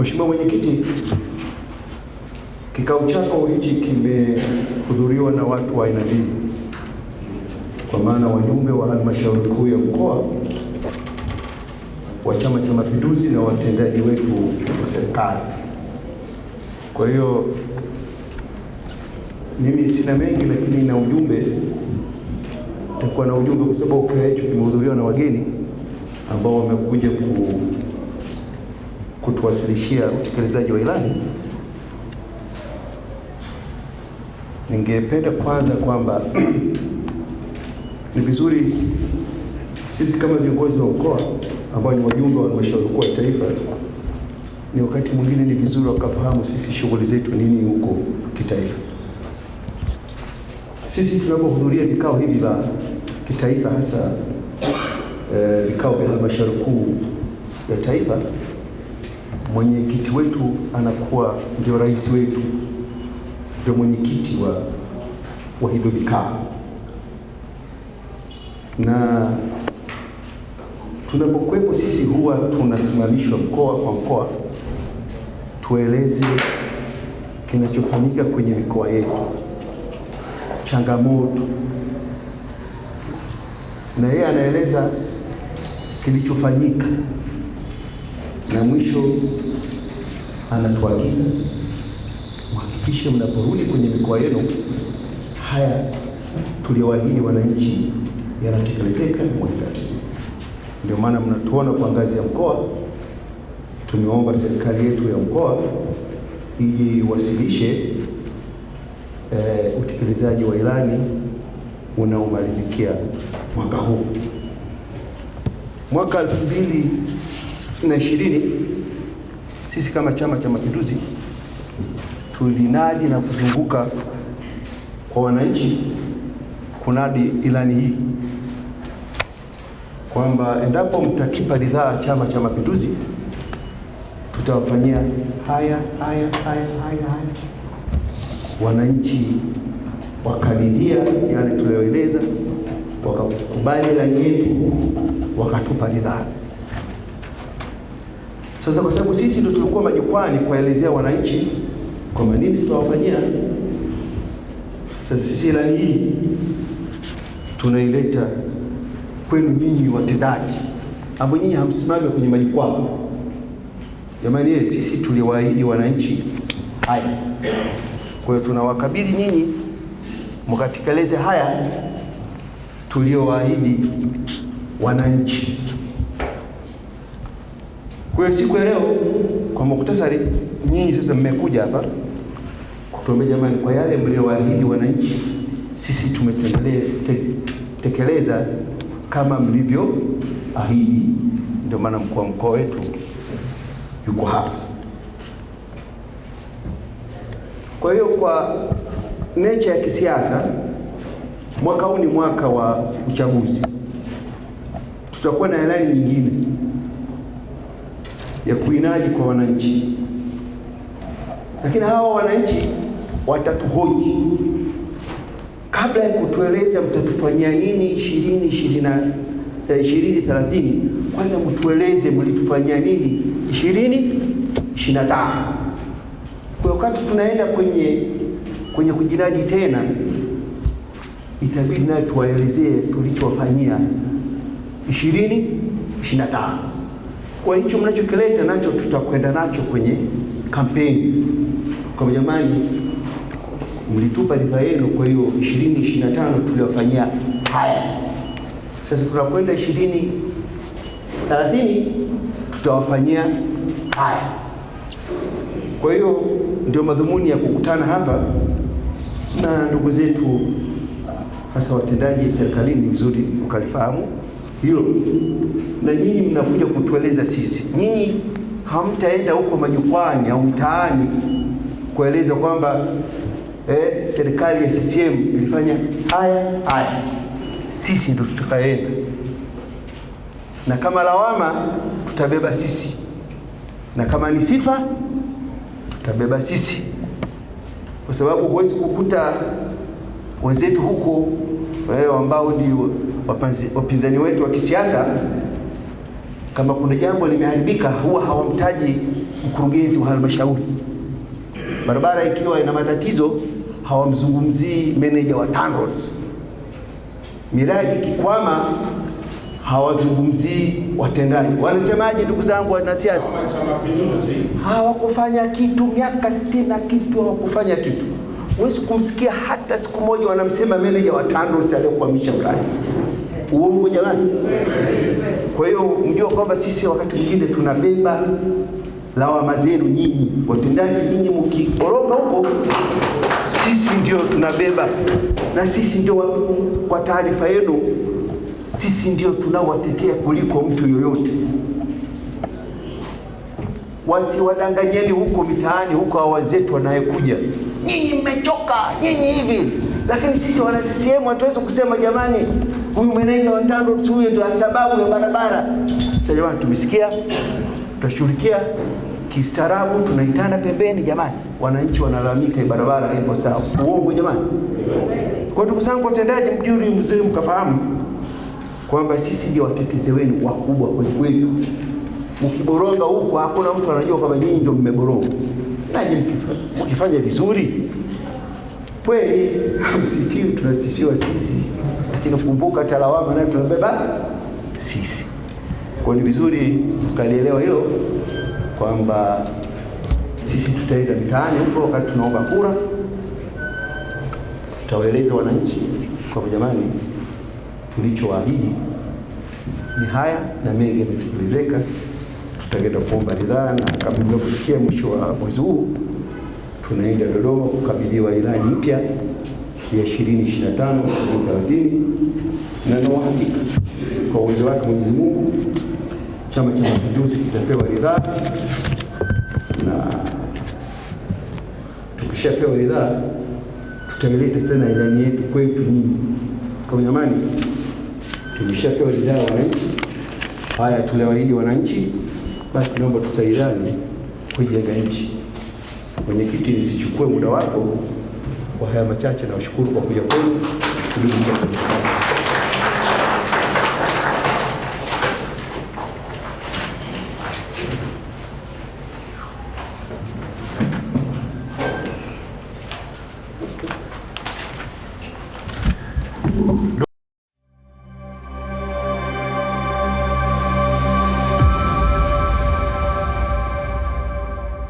Mheshimiwa Mwenyekiti, kikao chako hichi kimehudhuriwa na watu wa aina mbili, kwa maana wajumbe wa halmashauri kuu ya mkoa wa Chama cha Mapinduzi na watendaji wetu wa serikali. Kwa hiyo mimi sina mengi, lakini na ujumbe nitakuwa na ujumbe, kwa sababu kikao hicho kimehudhuriwa na wageni ambao wamekuja ku kutuwasilishia utekelezaji wa ilani, ningependa kwanza kwamba ni vizuri sisi kama viongozi wa mkoa ambao ni wajumbe wa halmashauri kuu ya taifa, ni wakati mwingine ni vizuri wakafahamu sisi shughuli zetu nini huko kitaifa. Sisi tunapohudhuria vikao hivi vya kitaifa, hasa eh, vikao eh, vya halmashauri kuu ya taifa mwenyekiti wetu anakuwa ndio rais wetu, ndio mwenyekiti wa, wa hivyo vikao, na tunapokuwepo sisi huwa tunasimamishwa mkoa kwa mkoa, tueleze kinachofanyika kwenye mikoa yetu, changamoto, na yeye anaeleza kilichofanyika. Na mwisho anatuagiza mhakikishe mnaporudi kwenye mikoa yenu, haya tuliyowaahidi wananchi yanatekelezeka kwa wakati. Ndio maana mnatuona kwa ngazi ya mkoa, tumeomba serikali yetu ya mkoa iwasilishe e, utekelezaji wa ilani unaomalizikia mwaka huu mwaka elfu mbili na ishirini sisi kama Chama cha Mapinduzi tulinadi na kuzunguka kwa wananchi kunadi ilani hii kwamba endapo mtakipa ridhaa Chama cha Mapinduzi tutawafanyia haya haya haya haya haya. Wananchi wakaridhia yale tuliyoeleza, wakakubali ilani yetu, wakatupa ridhaa. Sasa kwa sababu sisi ndio tulikuwa majukwani kuwaelezea wananchi kwamba nini tutawafanyia, sasa sisi ilani hii tunaileta kwenu nyinyi watendaji, ambao nyinyi hamsimami kwenye majukwaa. Jamani yeye eh, sisi tuliwaahidi wananchi haya, kwa hiyo tunawakabidhi nyinyi mkatekeleze haya tuliowaahidi wananchi. Kwa hiyo siku ya leo kwa muktasari, nyinyi sasa mmekuja hapa kutuombea jamani, kwa yale mliowaahidi wananchi, sisi tumetekeleza te, kama ahidi. Ndio maana mkuu wa mkoa wetu yuko hapa. Kwa hiyo kwa nature ya kisiasa, mwaka huu ni mwaka wa uchaguzi, tutakuwa na ilani nyingine ya kuinaji kwa wananchi, lakini hawa wananchi watatuhoji kabla ya kutueleza mtatufanyia nini ishirini eh, ishirini thelathini. Kwanza mtueleze mlitufanyia nini ishirini ishirini na tano. Kwa wakati tunaenda kwenye kwenye kujinadi tena, itabidi nayo tuwaelezee tulichowafanyia ishirini ishirini na tano. Kwa hicho mnachokileta nacho tutakwenda nacho kwenye kampeni, kwa jamani, mlitupa ridhaa yenu, kwa hiyo 2025 tuliwafanyia haya. Sasa tunakwenda 20 30 tutawafanyia haya. Kwa hiyo ndio madhumuni ya kukutana hapa na ndugu zetu hasa watendaji serikalini, ni vizuri ukalifahamu hilo, na nyinyi mnakuja kutueleza sisi. Nyinyi hamtaenda huko majukwani au mtaani kueleza kwamba eh, serikali ya CCM ilifanya haya haya. Sisi ndio tutakaenda, na kama lawama tutabeba sisi, na kama ni sifa tutabeba sisi, kwa sababu huwezi kukuta wenzetu huko eh, ambao ndio wapinzani wetu wa kisiasa, kama kuna jambo limeharibika, huwa hawamtaji mkurugenzi wa halmashauri. Barabara ikiwa ina matatizo, hawamzungumzii meneja wa TANROADS. Miradi ikikwama, hawazungumzii watendaji. Wanasemaje ndugu zangu wanasiasa? Hawakufanya kitu miaka sitini na kitu, hawakufanya kitu. Huwezi kumsikia hata siku moja wanamsema meneja wa TANROADS aliyokwamisha mradi. Uongo jamani! Kwa hiyo mjua kwamba sisi wakati mwingine tunabeba lawama zenu nyinyi watendaji, nyinyi mkikoroka huko, sisi ndio tunabeba, na sisi ndio kwa taarifa yenu, sisi ndio tunawatetea kuliko mtu yoyote. Wasiwadanganyeni huko mitaani huko, hawa zetu wanayekuja, nyinyi mmechoka, nyinyi hivi. Lakini sisi wana CCM hatuwezi kusema jamani huyu meneja wa TANROADS huyu ndio sababu ya barabara. Sasa jamani, tumesikia, tutashughulikia kistaarabu, tunaitana pembeni. Jamani, wananchi wanalalamika, barabara haipo sawa. Uongo jamani? Kwa ndugu zangu watendaji, mjuri mzuri, mkafahamu kwamba sisi ndio watetezi wenu wakubwa kweli kweli. Mkiboronga huko, hakuna mtu anajua kama nyinyi ndio mmeboronga. Naje mkifanya vizuri kweli, hamsifiwi, tunasifiwa sisi lakini kumbuka talawama nayo tunabeba sisi. Kwa ni vizuri tukalielewa hilo kwamba sisi tutaenda mtaani huko, wakati tunaomba kura, tutawaeleza wananchi kwamba jamani, tulichoahidi ni haya na mengi yametekelezeka. Tutaenda kuomba ridhaa, na kama mlivyosikia, mwisho wa mwezi huu tunaenda Dodoma kukabidhiwa ilani mpya ya 2025 2030, na na kwa uwezo wake Mwenyezi Mungu Chama cha Mapinduzi kitapewa ridhaa, na tukishapewa ridhaa tutaileta tena ilani yetu kwetu nyinyi. Kwa jamani, tukishapewa ridhaa wananchi, haya tuliwaahidi wananchi, basi naomba tusaidiane kuijenga nchi. Mwenyekiti, nisichukue muda wako. Kwa haya machache, nawashukuru kwa kuja kwenu.